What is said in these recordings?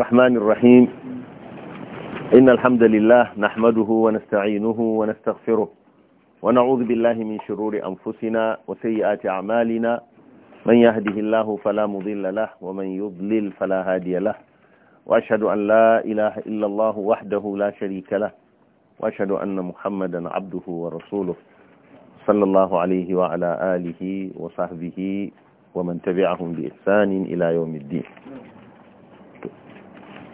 الرحمن الرحيم إن الحمد لله نحمده ونستعينه ونستغفره ونعوذ بالله من شرور أنفسنا وسيئات أعمالنا من يهده الله فلا مضل له ومن يضلل فلا هادي له وأشهد أن لا إله إلا الله وحده لا شريك له وأشهد أن محمدا عبده ورسوله صلى الله عليه وعلى آله وصحبه ومن تبعهم بإحسان إلى يوم الدين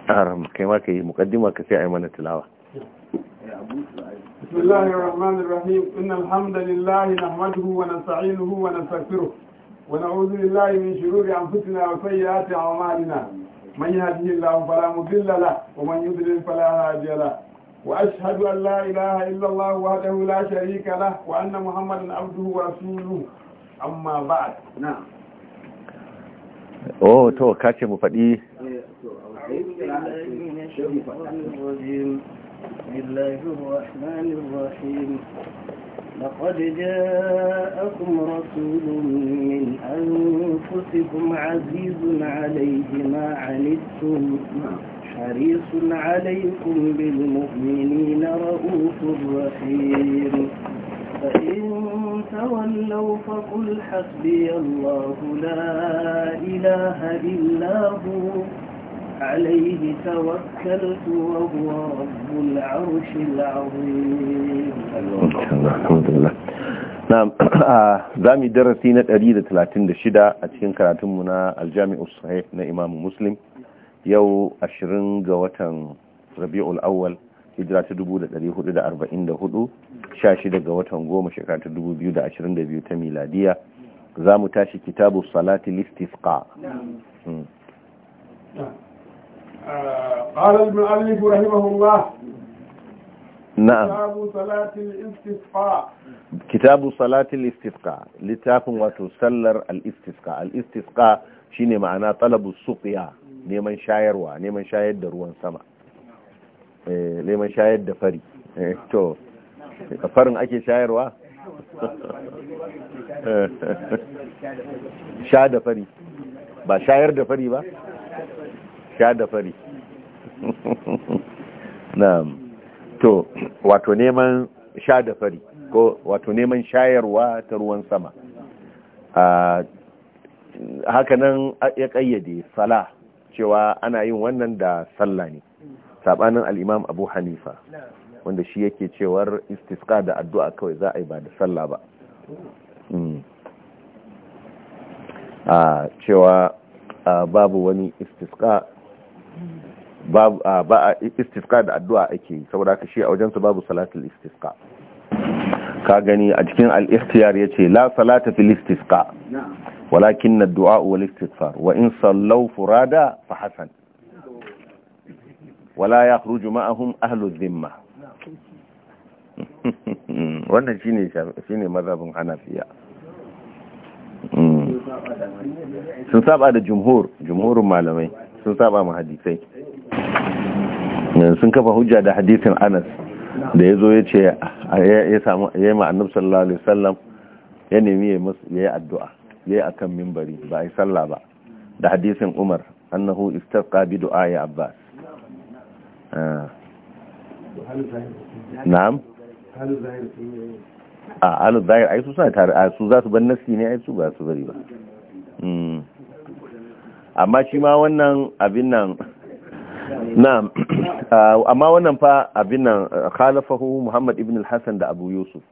haram kai ma ka yi mukaddima ka sai a yi mana tilawa بسم الله الرحمن الرحيم إن الحمد لله نحمده ونستعينه ونستغفره ونعوذ بالله من شرور أنفسنا وسيئات أعمالنا من يهده الله فلا مضل له ومن يضلل فلا هادي له وأشهد أن لا إله إلا الله وحده لا شريك له وأن محمدا عبده ورسوله أما بعد نعم oh to kace mu faɗi لقد جاءكم رسول من أنفسكم عزيز عليه ما عنتم حريص عليكم بالمؤمنين رؤوف رحيم فإن تولوا فقل حسبي الله لا إله إلا هو عليه توكلت وهو رب العرش العظيم نعم زامي درسينا أريد ثلاثين دشدة أتين كراتم منا الجامع الصحيح نا إمام مسلم يو yau 20 ربيع الأول Rabiul hijira ta 1444 16 ga watan goma shekara ta 2022 ta miladiya za mu tashi kitabu salati listifqa قال المؤلف رحمه الله نعم كتاب صلاة الاستسقاء كتاب صلاة الاستسقاء لتاكم وتسلر الاستسقاء الاستسقاء شيني معناه طلب السقيا ruwan sama. Eh, neman shayar da fari eh, to farin ake shayarwa sha da fari ba shayar da fari ba sha da fari na to wato neman sha da fari ko wato neman shayarwa ta ruwan sama hakanan ya kayyade sala cewa ana yin wannan da sallah ne sabanin Al'imam abu hanifa wanda shi yake cewar istiska da addu'a kawai za a yi ba da sallah ba hmm. a cewa babu wani istiska ba a istiska da addu'a ake yi saboda ka shi a wajen su babu salatul istiska. ka gani a cikin al'istiyar ya ce la salata fil istiska walakin na dua wal istighfar wa in sallau furada fa hasan wala ya khruju ma'ahum ahlul dhimma wannan shine shine mazhabin hanafiya hmm. sun saba da jumhur jumhurin malamai sun saba mu hadisai sun kafa hujja da hadisin Anas da ya zo ya ce ya yi annabi sallallahu alaihi wasallam ya nemi yi addu'a ya a akan mimbari, ba a yi salla ba da hadisin Umar annahu istar bi du'a ya Abbas Eh. na'am a zahir a su za su nasi ne ba su bari ba hmm. amma shi ma wannan abin nan na'am amma wannan fa abin nan khalafahu Muhammad ibn al-Hasan da Abu Yusuf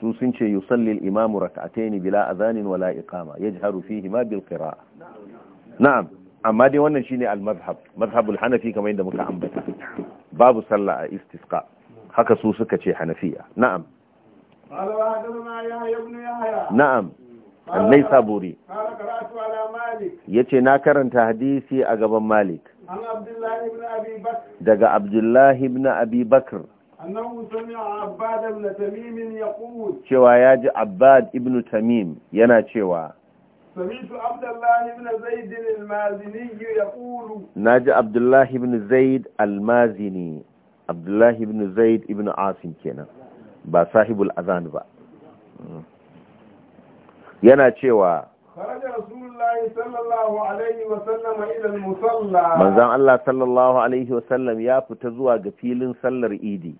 su sun ce yusalli al-imamu raka'ataini bila azanin wala iqama yajharu fihi ma bil qira'a na'am amma dai wannan shine al-mazhab mazhabul hanafi kamar yadda muka ambata babu sallah a istisqa haka su suka ce hanafiya na'am na'am annai saburi ya na karanta hadisi a gaban malik daga abdullahi ibn abi bakr cewa ya ji abbad ibn tamim yana cewa سمعت عبد الله بن زيد المازني يقول ناجى عبد الله بن زيد المازني عبد الله بن زيد ابن عاصم كنا با صاحب الاذان با yana cewa manzan Allah sallallahu Alaihi wasallam ya fita zuwa ga filin sallar idi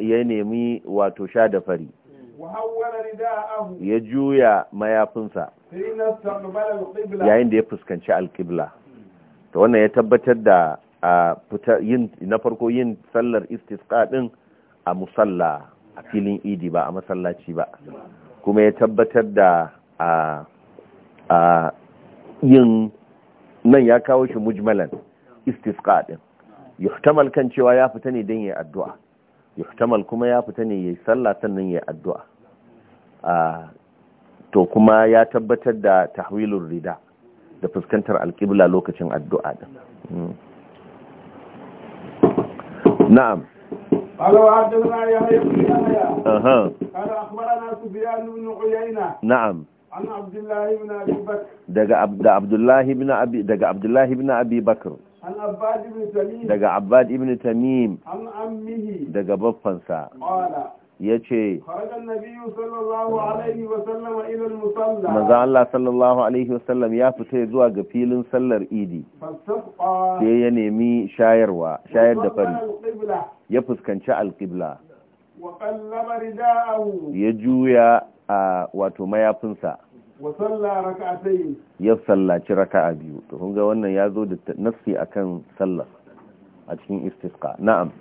ya nemi wato sha da fari ya juya mayafinsa yayin da ya fuskanci alkibla ta wannan ya tabbatar da na farko yin sallar istisqa din a musalla a filin idi ba a masallaci ba kuma ya tabbatar da a yin nan ya kawo shi mujmalan istisqa din yuhtamal kan cewa ya fita ne don yi addu'a yuhtamal kuma ya fita ne yayi sallah sannan yayi addu'a a to kuma ya tabbatar da tahwilur rida da fuskantar alqibla lokacin addu'a din hmm. na'am قال وحدثنا يحيى بن يحيى عن عبد الله بن ابي بكر دغ عبد الله بن ابي دغ عبد الله بن ابي بكر daga abbad ibn tamim daga baffansa ya ce maza Allah sallallahu alaihi wasallam ya fita zuwa ga filin sallar idi sai ya nemi shayarwa shayar da fari ya fuskanci alƙibla ya juya a wato mayafinsa ya sallaci a biyu to kun wannan ya zo da nassi akan sallah a cikin istisqa na'am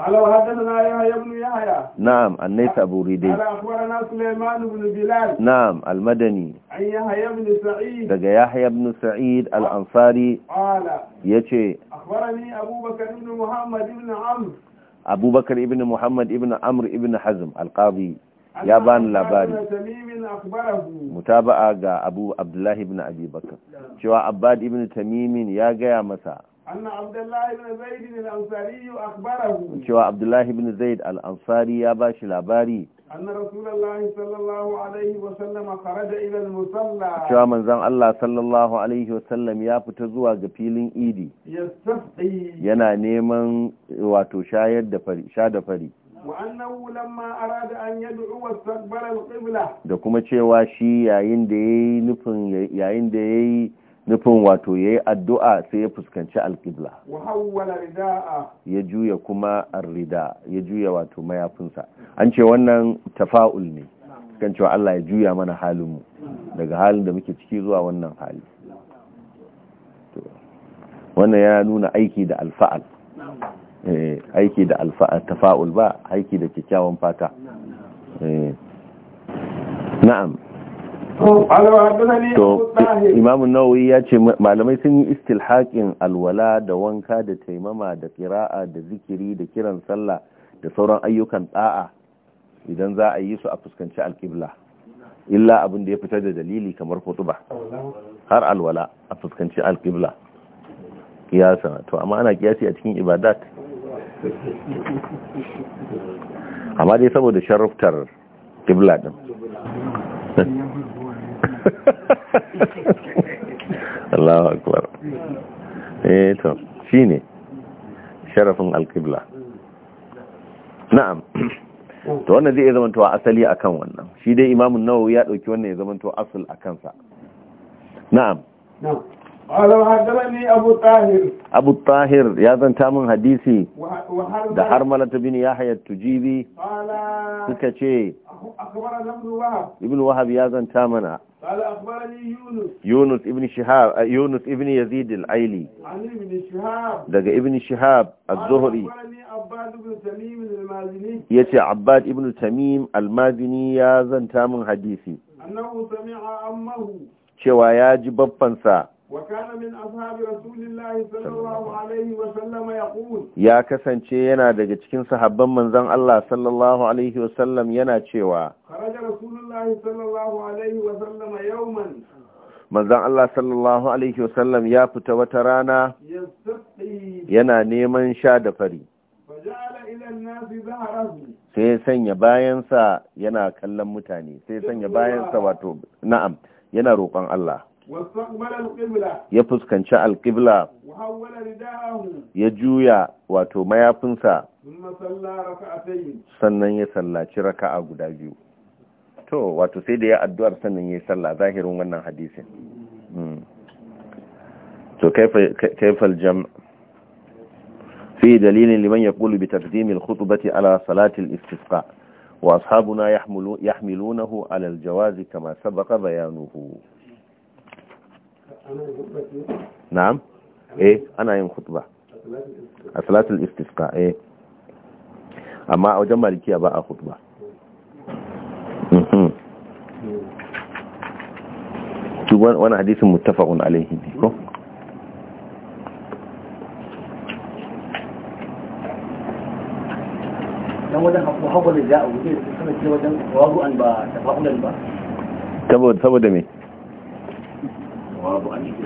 alaw hadana yahya ya haya. na'am annai saburi dai ala akhbarana sulaiman ibn bilal na'am almadani ay yahya ibn sa'id daga ya ibn sa'id al-ansari ala yace akhbarani abubakar ibn muhammad ibn amr abubakar ibn muhammad ibn amr ibn hazm al ya bani labari mutaba'a ga abu abdullahi ibn abi bakar cewa abbad ibn tamimin ya gaya masa cewa abdullahi ibn zaid al-ansari ya ba shi labari cewa manzan Allah sallallahu alaihi wasallam ya fita zuwa ga filin idi yana neman wato sha da fari da kuma cewa shi yayin da yi nufin yayin da yayi nufin wato ya yi addu'a sai ya fuskanci alƙibla ya juya kuma arrida ya juya wato mayafinsa an ce wannan tafa'ul ne kan cewa Allah ya juya mana halinmu daga halin da muke ciki zuwa wannan hali wannan ya nuna aiki da alfa'al Eh, aiki da tafa'ul ba aiki da kyakkyawan fata eh. na'am to imamun nawawi ya ce malamai sun yi istilhaƙin alwala da wanka da taimama da kira'a da zikiri da kiran sallah da sauran ayyukan ɗa'a idan za a yi su a fuskanci alƙibla illa abin da ya fitar da dalili kamar kutuba har alwala a fuskanci alƙibla kiyasa to amma ana kiyasi a cikin ibadat amma dai saboda sharuftar kibla din Allahu akbar eh to shine sharafin alqibla na'am to wannan zai zama to asali akan wannan shi dai imamun nawawi ya dauki wannan ya zama to asal akan sa na'am na'am abu tahir ya zanta min hadisi da har harmalata bin yahya tujibi suka ce ibn wahab ya zanta mana yunus ibn shihab yunus ibn yazid al-aili daga ibn shihab az-zuhri ce abbad ibn tamim al-mazini ya zanta min hadisi cewa ya ji babbansa وكان من أصحاب رسول الله صلى الله عليه وسلم يقول يا كسن yana daga cikin sahabban manzon Allah sallallahu alaihi wasallam yana cewa خرج رسول الله صلى الله عليه وسلم يوما manzon Allah sallallahu alaihi wasallam ya fita wata rana yana neman sha da fari sai sanya bayansa yana kallon mutane sai sanya bayansa wato na'am yana roƙon Allah ya fuskanci alƙibla ya juya wato mayafinsa sannan ya sallaci raka'a guda biyu to wato sai da ya addu'ar sannan ya salla zahirin wannan hadisin hmm. to kaifal faljam fi dalilin liman ya ƙulu bi taqdimil khutbati ala salatil istisqa wa ashabuna hu alal jawazi kama sabaqa bayanuhu na'am eh ana yin khutba a salatul istisqa eh amma a wajen malikiya ba a khutba mhm. wani hadisin muttafaqun alaihi ko saboda me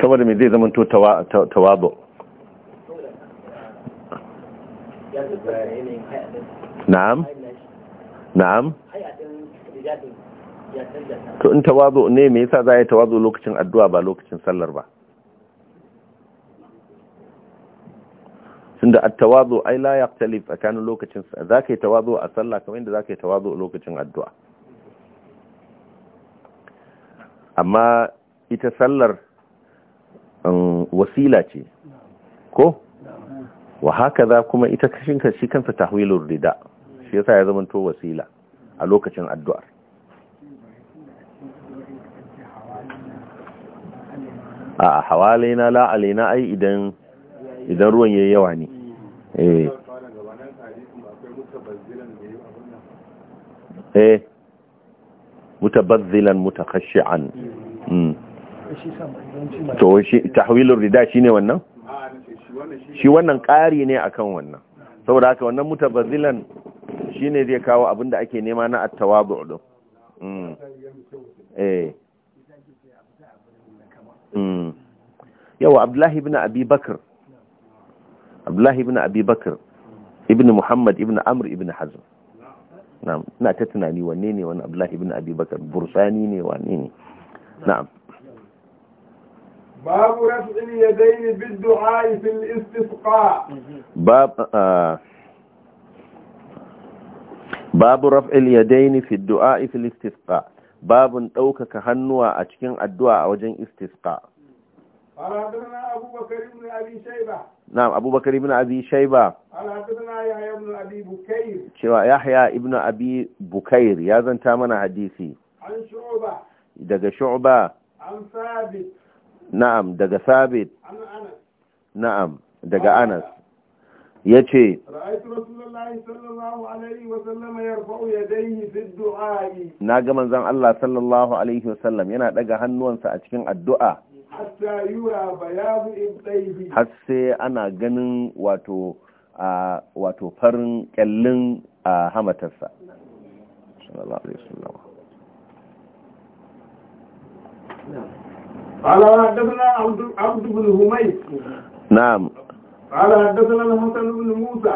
saboda mai zai zama to tawabo na'am na'am to in tawazo ne me yasa za a yi tawazo lokacin addu'a ba lokacin sallar ba tunda at-tawazu ai la yaqtalif tsakanin lokacin za ka yi tawazo a sallah kamar yadda za ka yi tawazo lokacin addu'a amma ita sallar wasila ce ko wa haka za kuma ita kashinka shi kansa tahwilur rida shi yasa ya zama to wasila a lokacin addu'ar a na la na ai idan ruwan ruwan yayi yawa ne eh eh mutabazzilan mutakhashi'an to shi tahwilur rida shine wannan shi wannan ƙari ne akan wannan saboda haka wannan mutabazzilan shine zai kawo abinda ake nema na at-tawadu' din mm eh mm yawa abdullahi ibn abi bakr abdullahi ibn abi bakr ibn muhammad ibn amr ibn hazm na'am ina ta tunani wanne ne wannan abdullahi ibn abi bakr bursani ne wanne ne na'am babu raf'il yadayn bid-du'a fil istisqa bab babu raf'il yadayn fi ad-du'a fil istisqa babun ɗaukaka hannuwa a cikin addu'a a wajen istisqa قال حدثنا أبو بكر بن أبي شيبة نعم أبو بكر بن أبي شيبة قال حدثنا يحيى بن أبي بكير شوى يحيى ابن أبي بكير يا زن تامنا حديثي عن شعبة دقى شعبة عن ثابت na'am daga sabit na'am daga anas ya ce na ga manzan Allah sallallahu alaihi wasallam yana ɗaga hannuwansa a cikin addu'a har sai ana ganin wato wato farin kyallin a hamatarsa sallallahu alaihi wasallam قال حدثنا عبد بن هميس نعم قال حدثنا الحسن بن موسى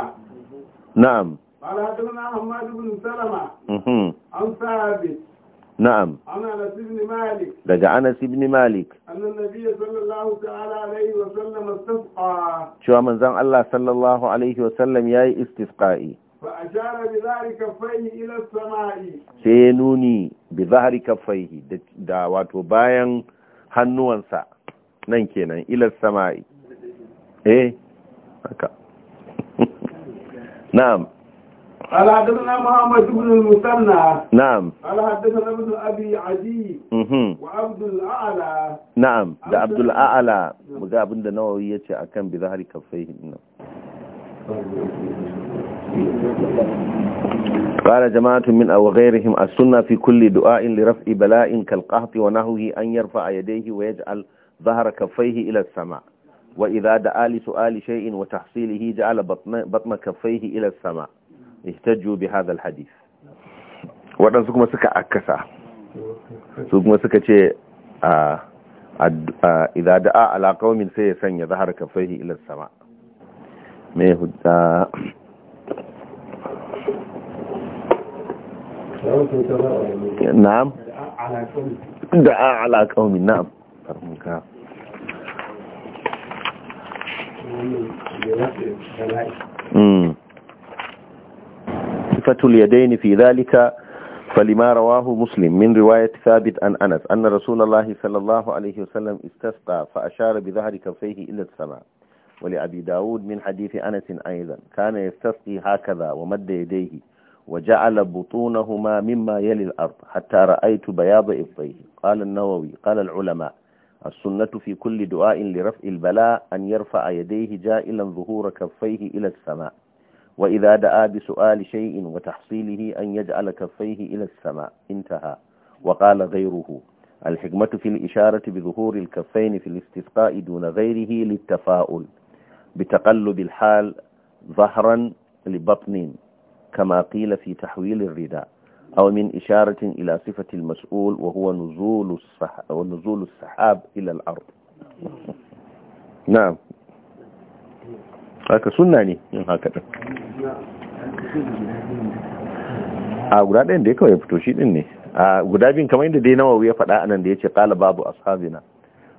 نعم قال حدثنا حماد بن سلمة عن ثابت نعم عن انس بن مالك دجا انس بن مالك ان النبي صلى الله تعالى عليه وسلم استسقى شو من زان الله صلى الله عليه وسلم ياي استسقائي فاشار بظهر كفيه الى السماء سينوني بظهر كفيه دا واتو باين hannuwansa nan kenan ilar sama'i eh haka na'am قال حدثنا محمد بن المثنى نعم قال ابن ابي عدي وعبد الاعلى نعم ده عبد الاعلى abinda nawawi yace akan bi zahari kaffaihi ƙara jama'atun min abu gairihim a suna fi kulle du'a'in lirafi bala'in kalkafi wa nahuhi an yarfa a yadehi wa yaji al zahar kafaihi ilas sama wa idha da ali su ali shai'in wa tahsilihi ji ala batna kafaihi ilas sama ihtajju bi hadal hadith waɗansu kuma suka akasa su suka ce a idha da'a ala qaumin ya sanya zahar ilas sama mai hudda نعم دعاء على قوم نعم صفة اليدين في ذلك فلما رواه مسلم من رواية ثابت عن أنس أن رسول الله صلى الله عليه وسلم استسقى فأشار بظهر كفيه إلى السماء ولأبي داود من حديث أنس أيضا كان يستسقي هكذا ومد يديه وجعل بطونهما مما يلي الأرض حتى رأيت بياض إبطيه قال النووي قال العلماء السنة في كل دعاء لرفع البلاء أن يرفع يديه جائلا ظهور كفيه إلى السماء وإذا دعا بسؤال شيء وتحصيله أن يجعل كفيه إلى السماء انتهى وقال غيره الحكمة في الإشارة بظهور الكفين في الاستسقاء دون غيره للتفاؤل بتقلب الحال ظهرا لبطن كما قيل في تحويل الرداء أو من إشارة إلى صفة المسؤول وهو نزول, الصح... ونزول السحاب إلى الأرض نعم haka sunna ne yin a guda ɗayan da ya kawai fito shi ɗin ne a guda biyun kamar yadda dai nawawi ya faɗa anan da ya ce ƙala babu ashabina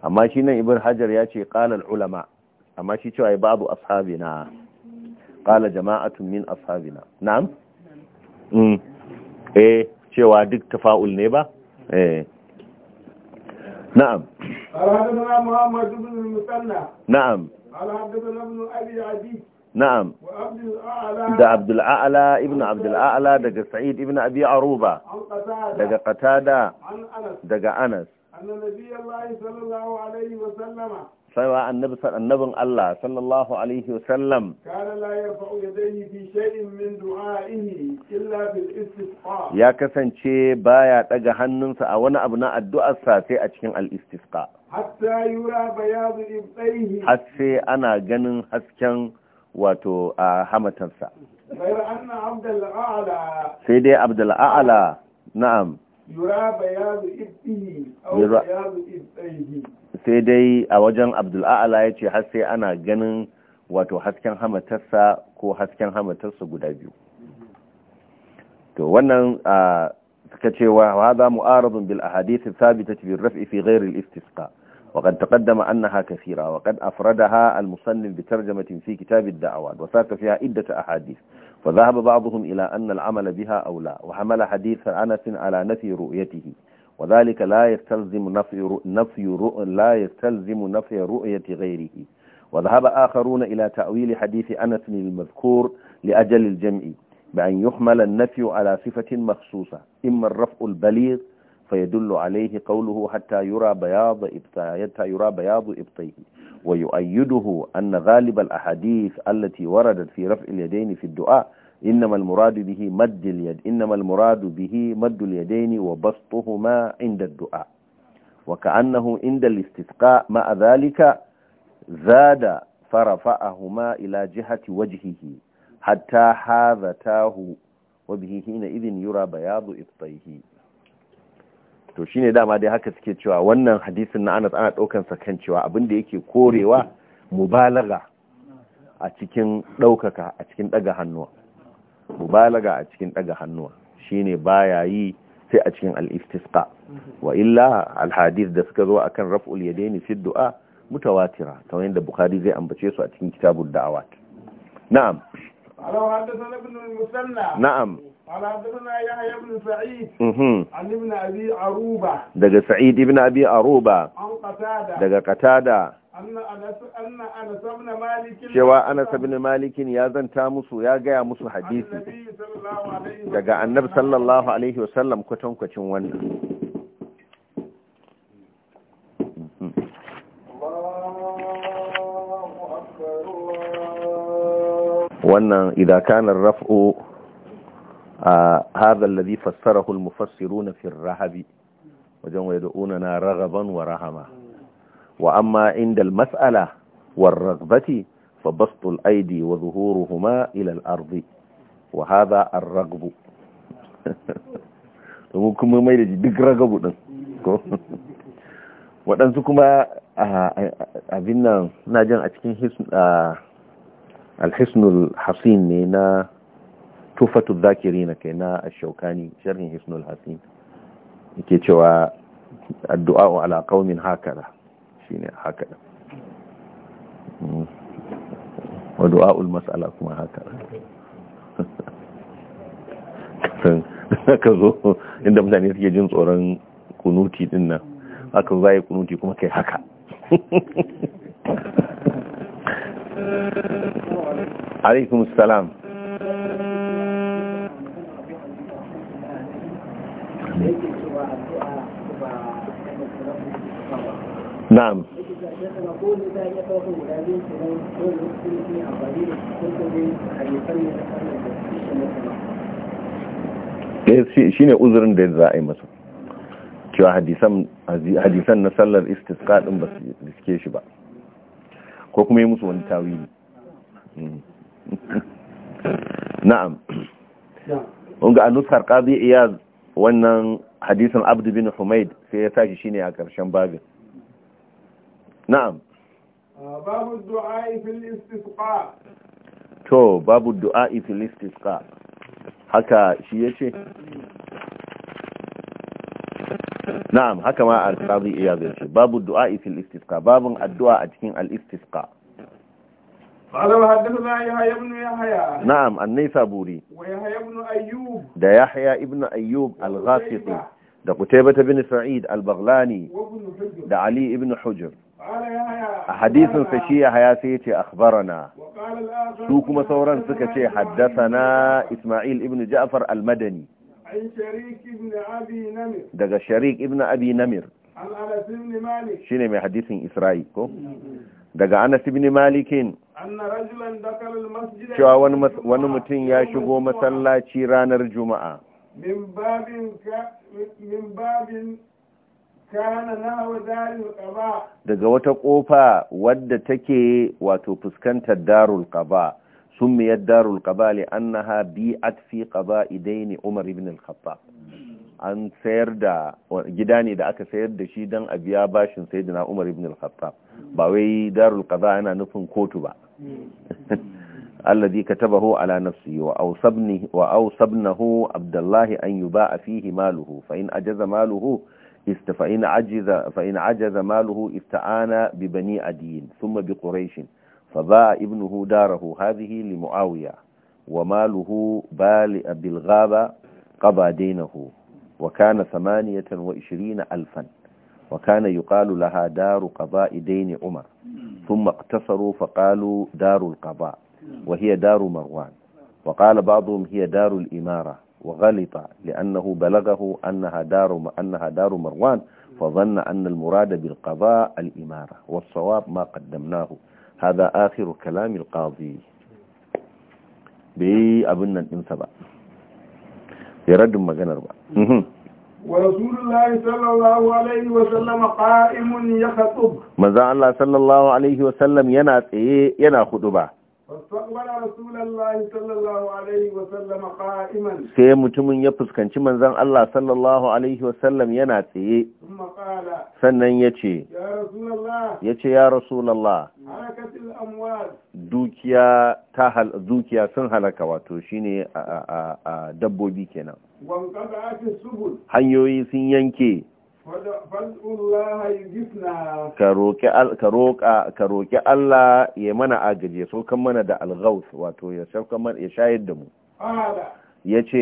amma shi nan ibn hajar ya ce ƙala ulama amma shi cewa babu ashabina qala jama'atun min ashabina na'am hmm. eh cewa duk tafa'ul ne ba eh na'am muhammad ibn musanna na'am ibn abi adi na'am da abdul a'la ibn abdul a'la daga sa'id ibn abi aruba daga qatada daga anas anna sallallahu alaihi wa sallama cewa annabi annabin Allah sallallahu alaihi wa wasallam ya kasance baya daga hannunsa a wani abu na addu'arsa sai a cikin al-istisqa hatta yura bayadu ibtaihi har sai ana ganin hasken wato a hamatarsa sai dai abdul a'la na'am yura bayadu ibtihi aw bayadu ibtaihi sai dai a wajen abdul ala ya ce har sai ana ganin wato hasken hamatarsa ko hasken hamatarsa guda biyu to wannan a suka ce wa hada mu'aradun bil ahadith thabita fi raf'i fi ghayr al istisqa wa qad taqaddama annaha kathira wa qad afradaha al musannif bi tarjamatin fi kitab al da'awat iddata saka fiha iddat ahadith fa dhahaba ba'dhum ila annal 'amala biha awla wa hamala hadith anas ala nafi ru'yatihi وذلك لا يستلزم نفي نفي لا يستلزم نفي رؤية غيره وذهب آخرون إلى تأويل حديث أنس المذكور لأجل الجمع بأن يحمل النفي على صفة مخصوصة إما الرفع البليغ فيدل عليه قوله حتى يرى بياض حتى يرى بياض إبطيه ويؤيده أن غالب الأحاديث التي وردت في رفع اليدين في الدعاء إنما المراد به مد اليد إنما المراد به مد اليدين وبسطهما عند الدعاء وكأنه عند الاستثقاء مع ذلك زاد فرفعهما إلى جهة وجهه حتى حاذتاه وبه حينئذ يرى بياض إبطيه to shine dama dai haka suke cewa wannan hadisin na Anas ana daukan sa kan cewa abin da yake korewa mubalaga a cikin daukaka a cikin daga hannuwa mubalaga a cikin daga hannuwa shine baya yi sai a cikin al-istisqa wa illa al da suka zo akan raf'ul yadaini fi du'a mutawatira kamar yadda bukhari zai ambace su a cikin kitabud da'awat na'am na'am قال حدثنا يحيى عن ابن ابي عروبه دغ سعيد ابن ابي عروبه عن قتاده دغ قتاده cewa anas ibn malikin ya zanta musu ya gaya musu hadisi daga annabi sallallahu alaihi wasallam kwatankwacin wannan wannan idan kana raf'o. هذا الذي فسره المفسرون في الرهب وجن ويدعوننا رغبا ورهما وأما عند المسألة والرغبة فبسط الأيدي وظهورهما إلى الأرض وهذا الرغب ممكن ما يجي دك رغب waɗansu kuma abin nan na jan a cikin alhisnul hasin ne tufatu na kai na ashaukani sharhin hisnul hasin yake cewa addu'a wa alaƙaumin hakada shine hakada mm. wa du'a mas'ala kuma hakada ka zo inda mutane suke jin tsoron kunuti din nan aka yi kunuti kuma kai haka alaikum salam na'am eh, shi ne uzurin da za a yi masa cewa hadisan na sallar istisqa din ba su riske shi ba ko kuma yi musu wani tawili hmm. na'am unga a nuskar ƙazi iya wannan hadisin abdu bin humaid sai ya tashi shine a ƙarshen babin na'am ah, babu du'a'i fil istisqa to babu du'a'i fil istisqa haka shi yace na'am haka ma al-qadi iyad yace babu du'a'i fil istisqa babun addu'a a cikin al-istisqa قال حدثنا يحيى بن يحيى نعم النيسابوري ويحيى بن ايوب ده يحيى ابن ايوب الغاسقي ده قتيبة بن سعيد البغلاني ده علي ابن حجر حديث فشي يحيى سيتي اخبرنا su kuma sauran suka ce ابن na Ismail ده شريك ابن ابي نمر Sharik ibn Abi Namir shine mai hadisin Isra'i ko daga Anas ibn Malikin cewa wani mutum ya shigo masallaci ranar juma'a daga wata kofa wadda take wato fuskantar darul qaba miyar darul qaba li annaha bi'at fi qaba'idain umar ibn al-khattab an sayar da gida ne da aka sayar da shi don a biya bashin sayyidina umar ibn al-khattab ba wai darul qaba yana nufin kotu ba الذي كتبه على نفسه وأوصبنه, وأوصبنه عبد الله أن يباع فيه ماله فإن أجز ماله فإن عجز, فإن عجز ماله استعان ببني عدي ثم بقريش فباع ابنه داره هذه لمعاوية وماله بال بالغابة قضى دينه وكان ثمانية وعشرين ألفا وكان يقال لها دار قضاء دين عمر ثم اقتصروا فقالوا دار القضاء وهي دار مروان وقال بعضهم هي دار الإمارة وغلط لأنه بلغه أنها دار, أنها دار مروان فظن أن المراد بالقضاء الإمارة والصواب ما قدمناه هذا آخر كلام القاضي بأبنى الإنسبة يرد مجنر بقى ورسول الله صلى الله عليه وسلم قائم يخطب ماذا الله صلى الله عليه وسلم ينا تsaye خطبه فاستقبل رسول الله صلى الله عليه وسلم قائما sai mutumin ya fuskanci manzon Allah sallallahu alaihi yana tsaye sannan yace ya rasulullah ya rasulullah harakatul amwal dukiya ta sun halaka wato shine a dabbobi kenan hanyoyi sun yanke ka roƙi Allah ya mana agaje saukan mana da alghaus wato ya shayar da mu ya ce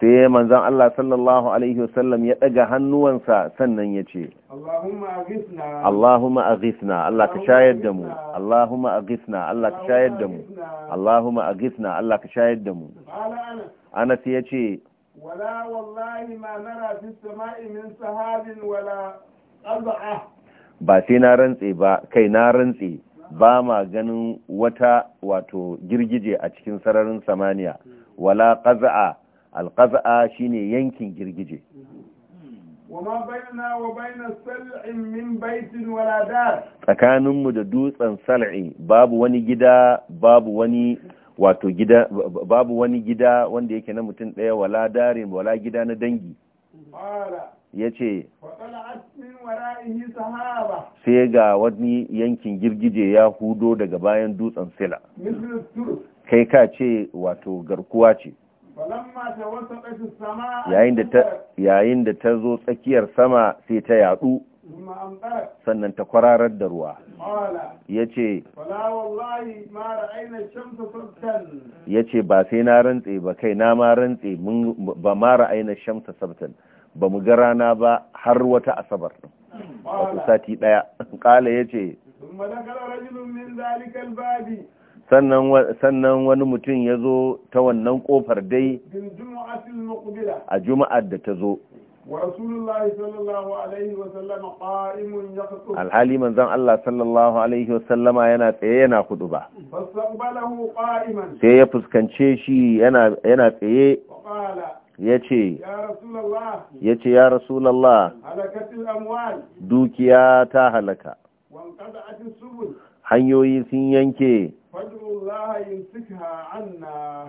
sai manzan Allah sallallahu alaihi wasallam ya ɗaga hannuwansa sannan ya ce Allahumma aghithna Allah ka shayar da mu Allahumma Allah ka shayar da mu Allahumma aghithna Allah ka shayar da mu Anas ya ce wala wallahi ma nara fi samai min sahabin wala ba sai na rantse ba kai na rantse ba ma ganin wata wato girgije a cikin sararin samaniya wala qaza'a alqaza'a shine yankin girgije wama wa min wala dar tsakanin mu da dutsen sal'i babu wani gida babu wani wato gida babu wani gida wanda yake na mutum daya wala darin wala gida na dangi ya ce sai ga wani yankin girgije ya hudo daga bayan dutsen sila kai ka ce wato garkuwa ce yayin da ta zo tsakiyar sama sai ta yadu sannan ta kwararar da ruwa ya ce ya ce ba sai na rantse ba kai na ma rantse ba mara aina shamsa sabtan ba mu ga rana ba har wata asabar wato sati ɗaya. daya kala yace sannan sannan wani mutum ya zo ta wannan ƙofar dai a juma'ar da ta zo alhali manzon Allah sallallahu alaihi wasallama yana tsaye yana hudu ba sai ya fuskance shi yana tsaye ya ce ya ce ya rasulallah dukiya ta halaka hanyoyi sun yanke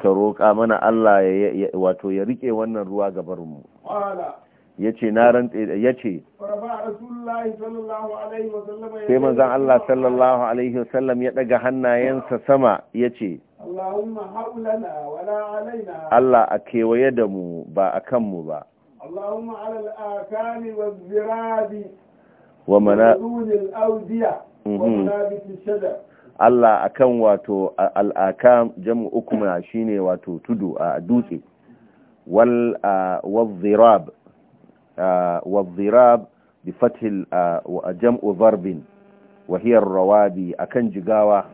ka roƙa mana Allah wato ya rike wannan ruwa gabarmu ya ce na rantse ya ce sai manzan Allah sallallahu alaihi wasallam ya ɗaga hannayensa sama ya ce Allahumma haulana wala alaina Allah a kewaye da mu ba a kanmu ba Allahumma ala al-akani wa zirabi wa mana wa manabit mhm. ash-shajar Allah akan wato al-akam jam'u shine wato tudu a dutse wal wa zirab wa jam'u rawabi akan jigawa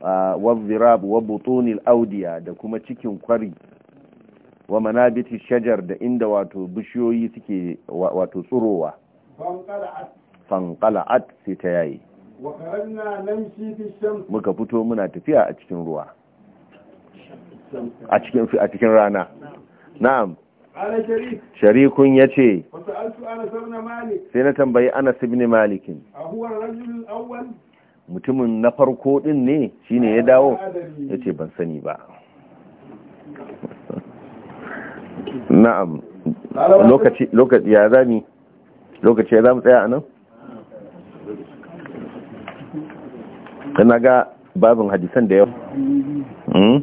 wa butunil Audiya da kuma cikin kwari wa manabiti shajar da inda wato bishiyoyi suke wato tsurowa fanqala'at sai ta yayi muka fito muna tafiya a cikin ruwa a cikin rana na'am sharikun ya ce sai na tambayi ana sibini malikin mutumin na farko din ne shine ya dawo ya ce ban sani ba na'am lokaci ya zami lokaci ya zami tsaya a nan kana ga babin hadisan da yau hmm?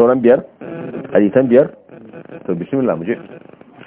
sauran biyar hadisan biyar to bishimin mu je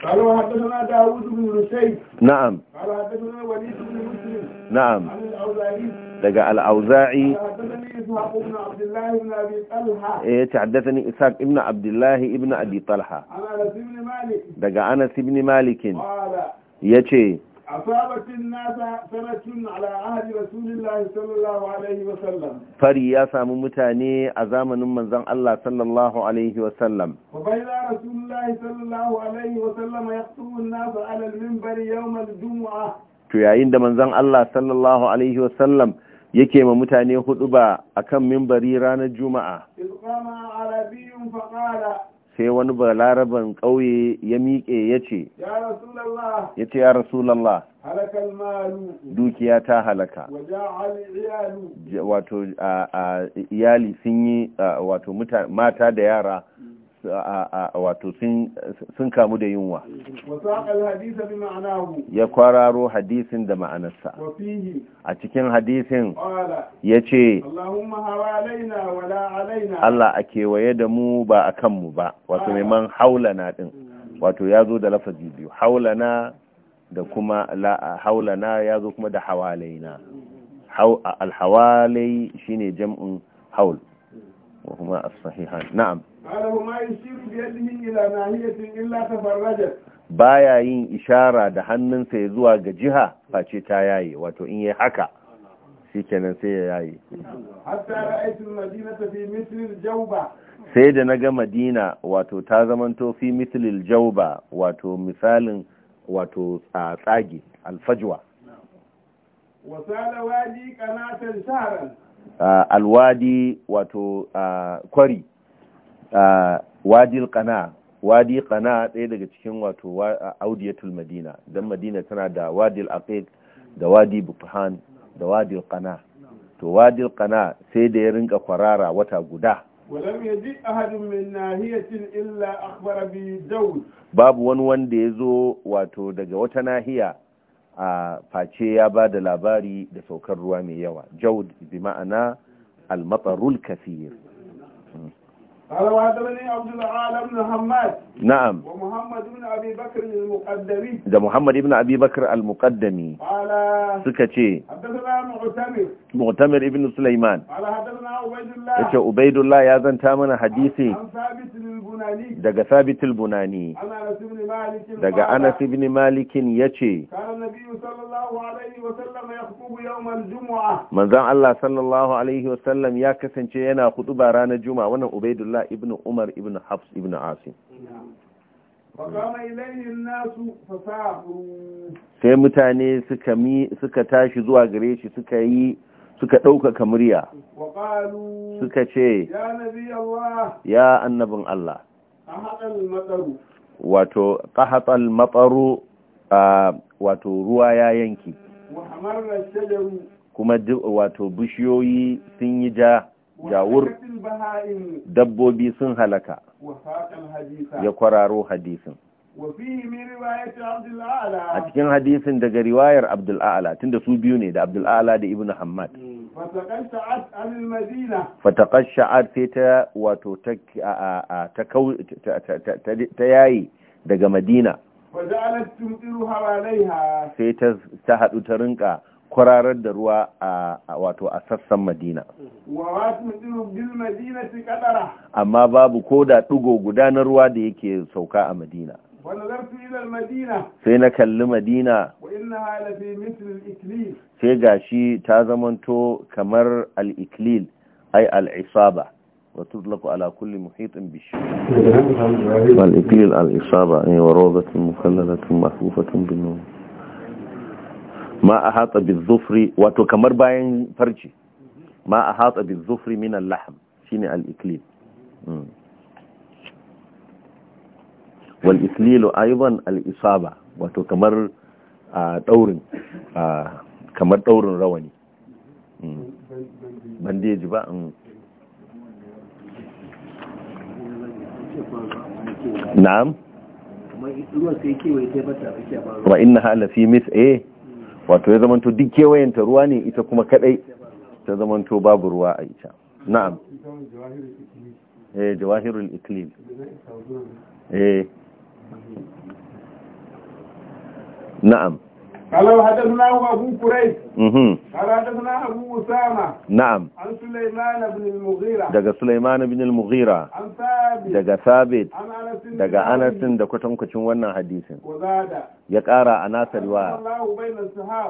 قالوا حدثنا داوود بن نسيب نعم قال حدثنا وليد بن مسلم نعم عن الاوزاعي لقى الاوزاعي حدثني اسحاق بن عبد الله بن ابي طلحه ايه تحدثني اسحاق بن عبد الله بن ابي طلحه عن انس بن مالك لقى انس بن مالك قال يجي أصابت الناس سنة على عهد رسول الله صلى الله عليه وسلم فري يا سامو متاني أزامن من زن الله صلى الله عليه وسلم وبين رسول الله صلى الله عليه وسلم يخطب الناس على المنبر يوم الجمعة to yayin da manzon Allah sallallahu alaihi wasallam yake ma mutane hudu ba akan mimbari ranar juma'a. Ilqama arabiyyun faqala sai wani laraban ƙauye ya miƙe ya ce ya ce ya rasulallah dukiya ta halaka wato iyali sun yi wato mata da yara wato sun kamu da yunwa ya kwararo hadisin da ma'anarsa a cikin hadisin ya ce Allah a kewaye da mu ba a kanmu ba wato neman haulana din wato ya zo da lafazi biyu haulana da kuma haulana ya zo kuma da hawalaina alhawalai shine jam'in haul وهما الصحيحان نعم ما يشير بيده إلى ناهية إلا تفرجت baya yin ishara da hannunsa ya zuwa ga jiha face ta yayi wato in yi haka shikenan sai ya yayi hatta ra'aytu al-madinata fi mithli al-jawba sai da naga madina wato ta zamanto fi mithli al-jawba wato misalin wato tsage alfajwa wasala wadi qanatan shahran alwadi wato kwari wadi kana wadi kana ɗaya daga cikin wato audiyatul madina don madina tana da wadi aqiq da wadi bukhan da wadi kana to wadi kana sai da ya rinka kwarara wata guda ولم يجي أحد من ناهية إلا أخبر بدول babu wani wanda ya zo wato daga wata nahiya a face ya ba da labari da saukar ruwa mai yawa jaud bi ma'ana al-matarul kathir قال وحدثني عبد العال بن حماد نعم ومحمد بن ابي بكر المقدمي ده محمد بن ابي بكر المقدمي قال سكتي حدثنا معتمر معتمر ابن سليمان قال حدثنا عبيد الله ايه عبيد الله يا زنتا من حديثي عن ثابت daga sabitul bunani daga anas ibn malikin ya ce manzan Allah sallallahu alaihi sallam ya kasance yana khutuba ranar juma'a wannan ubaidullah ibn umar ibn hafs ibn asim sai mutane suka tashi zuwa gare shi suka yi suka dauka murya suka ce ya annabin Allah wato matsaru a wato ruwa ya yanki kuma wato bishiyoyi sun yi ja jawur dabbobi sun halaka ya kwararo hadisin a cikin hadisin daga riwayar abdul'ala tunda su biyu ne da abdul'ala da ibn hamad hmm. fataƙasha'ar sai ta wato ta yayi daga madina sai ta haɗu ta rinka kwararar da ruwa a wato a sassan madina amma babu ko da ɗigo guda na ruwa da yake sauka a madina sai na kalli madina sai gashi ta zamanto kamar al ai al-isaba wa tutlaku ala wa rozatin mukallalatin mafufatin binu ma a hata wato kamar bayan farce ma a hata bi zufri min al shi ne al wal islilu aiban al isaba wato kamar daurin kamar daurin rawani hmm. bandeji ba hmm. na'am wa inna hala fi mis a wato ya zamanto duk kewayenta ruwa ne ita kuma kadai ta zamanto babu ruwa a ita na'am eh jawahirul iklim eh na'am na'am حدثنا ابو قريش امم حدثنا ابو اسامه نعم عن سليمان wannan hadisin ya qara anas riwa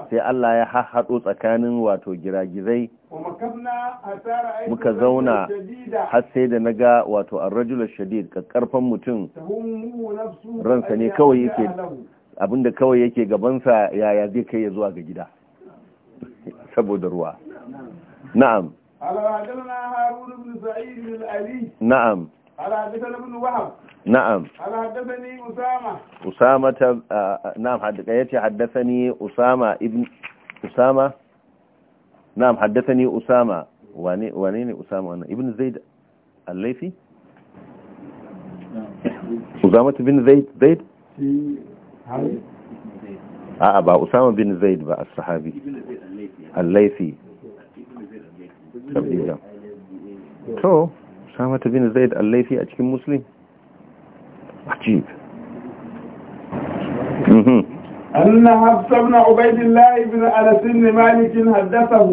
sai Allah ya hahado tsakanin wato giragizai muka zauna har sai da na ga wato ar-rajul ash-shadid ka karfan mutun ransa ne kawai yake abinda kawai yake gabansa yaya zai kai ya zuwa ga gida saboda ruwa na'am na'am na'am usama ta na'am haddaka yace haddathani usama ibn usama na'am haddathani usama wane wane ne usama wannan ibn zaid al-laifi usama ibn zaid zaid a'a ba usama bin zaid ba a sahabi al-laifi sabdizam to usama bin zaid al-laifi a cikin muslim ajib أن حفص بن عبيد الله بن أنس بن مالك حدثه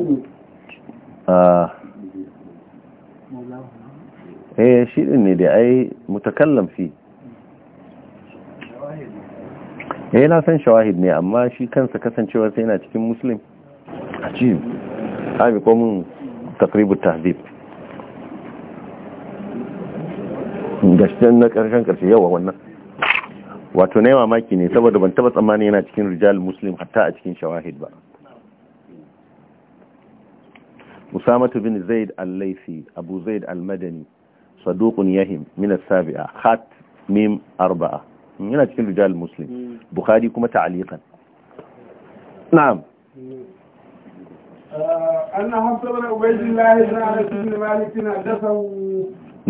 eh shi din ne da ai mutakallam fi ya eh, na san shawahid ne amma shi kansa kasancewa sai yana cikin muslim a ci abi komin takribu tahdib da shi na karshen karshe yawa wannan wato na yi mamaki ne saboda ban taba tsammani yana cikin rijal muslim hatta a cikin shawahid ba usamatu bin zaid al-laifi abu zaid al-madani saduqun yahim min as-sabi'a khat mim arba'a yana cikin rijal muslim bukhari kuma ta'aliqan na'am anna hafs ibn ubaydillah ibn anas ibn malik hadathahu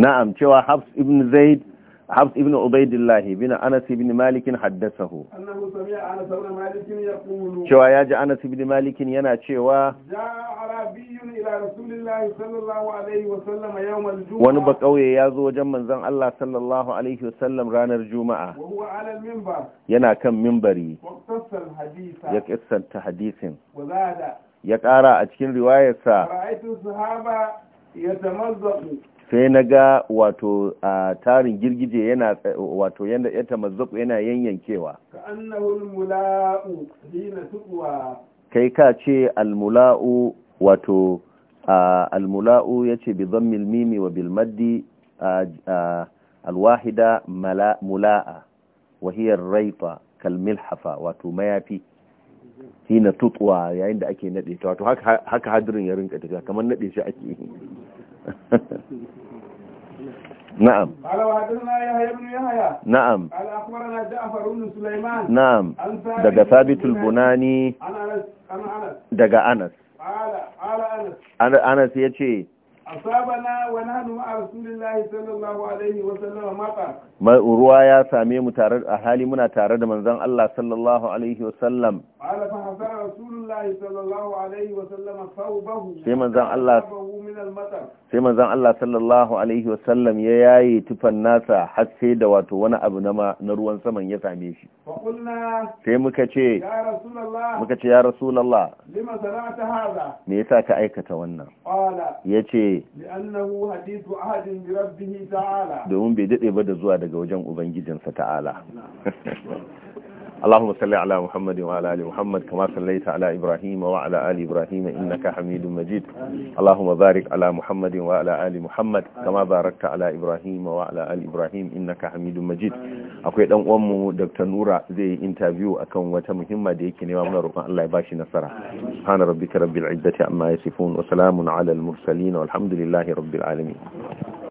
na'am cewa hafs ibn zaid حفص ابن عبيد الله بن أنس بن مالك حدثه أنه سمع أنس بن مالك يقول شوى ياجي أنس بن مالك ينا شوى جاء أعرابي wani ba ƙauye ya zo wajen manzan Allah sallallahu Alaihi wasallam ranar Juma’a yana kan mimbari ya ƙisanta hadisin ya ƙara a cikin riwayarsa sai na ga wato a tarin girgije yana wato yadda ya tamazzaku yana yanyankewa kai ka ce almula'u wato almula'u ya ce bi zammil mimi wa bilmaddi alwahida mula'a wahiyar raifa hafa wato mayafi hina tutsuwa yayin da ake naɗe ta wato haka hadirin ya rinka tafiya kamar naɗe shi ake yi Na'am. Na'am. Na'am. Daga Sabitul Bunani. Daga Anas. And ya ce, asabana wa nahnu ma'a rasulillahi sallallahu alaihi wa sallam mata mai ruwa ya same mu tare a hali muna tare da manzon Allah sallallahu alaihi wa sallam ala fa hasara rasulullahi sallallahu alaihi wa sallam thawbahu sai manzon Allah sai manzon Allah sallallahu alaihi wa sallam ya yaye tufan nasa har sai da wato wani abu na na ruwan saman ya same shi sai muka ce ya rasulullah muka ce ya rasulullah lima sana'ta hada. me yasa ka aikata wannan Ya ce. daɗe domin bai daɗe ba da zuwa daga wajen ubangijinsa ta'ala اللهم صل على محمد وعلى ال محمد كما صليت على ابراهيم وعلى ال ابراهيم انك حميد مجيد اللهم بارك على محمد وعلى ال محمد كما باركت على ابراهيم وعلى ال ابراهيم انك حميد مجيد akwai dan uwan mu Dr. Nura zai yi interview akan wata muhimma da yake nema muna roƙon Allah ya bashi nasara subhana rabbika rabbil izzati amma yasifun wa salamun ala al mursalin walhamdulillahi rabbil alamin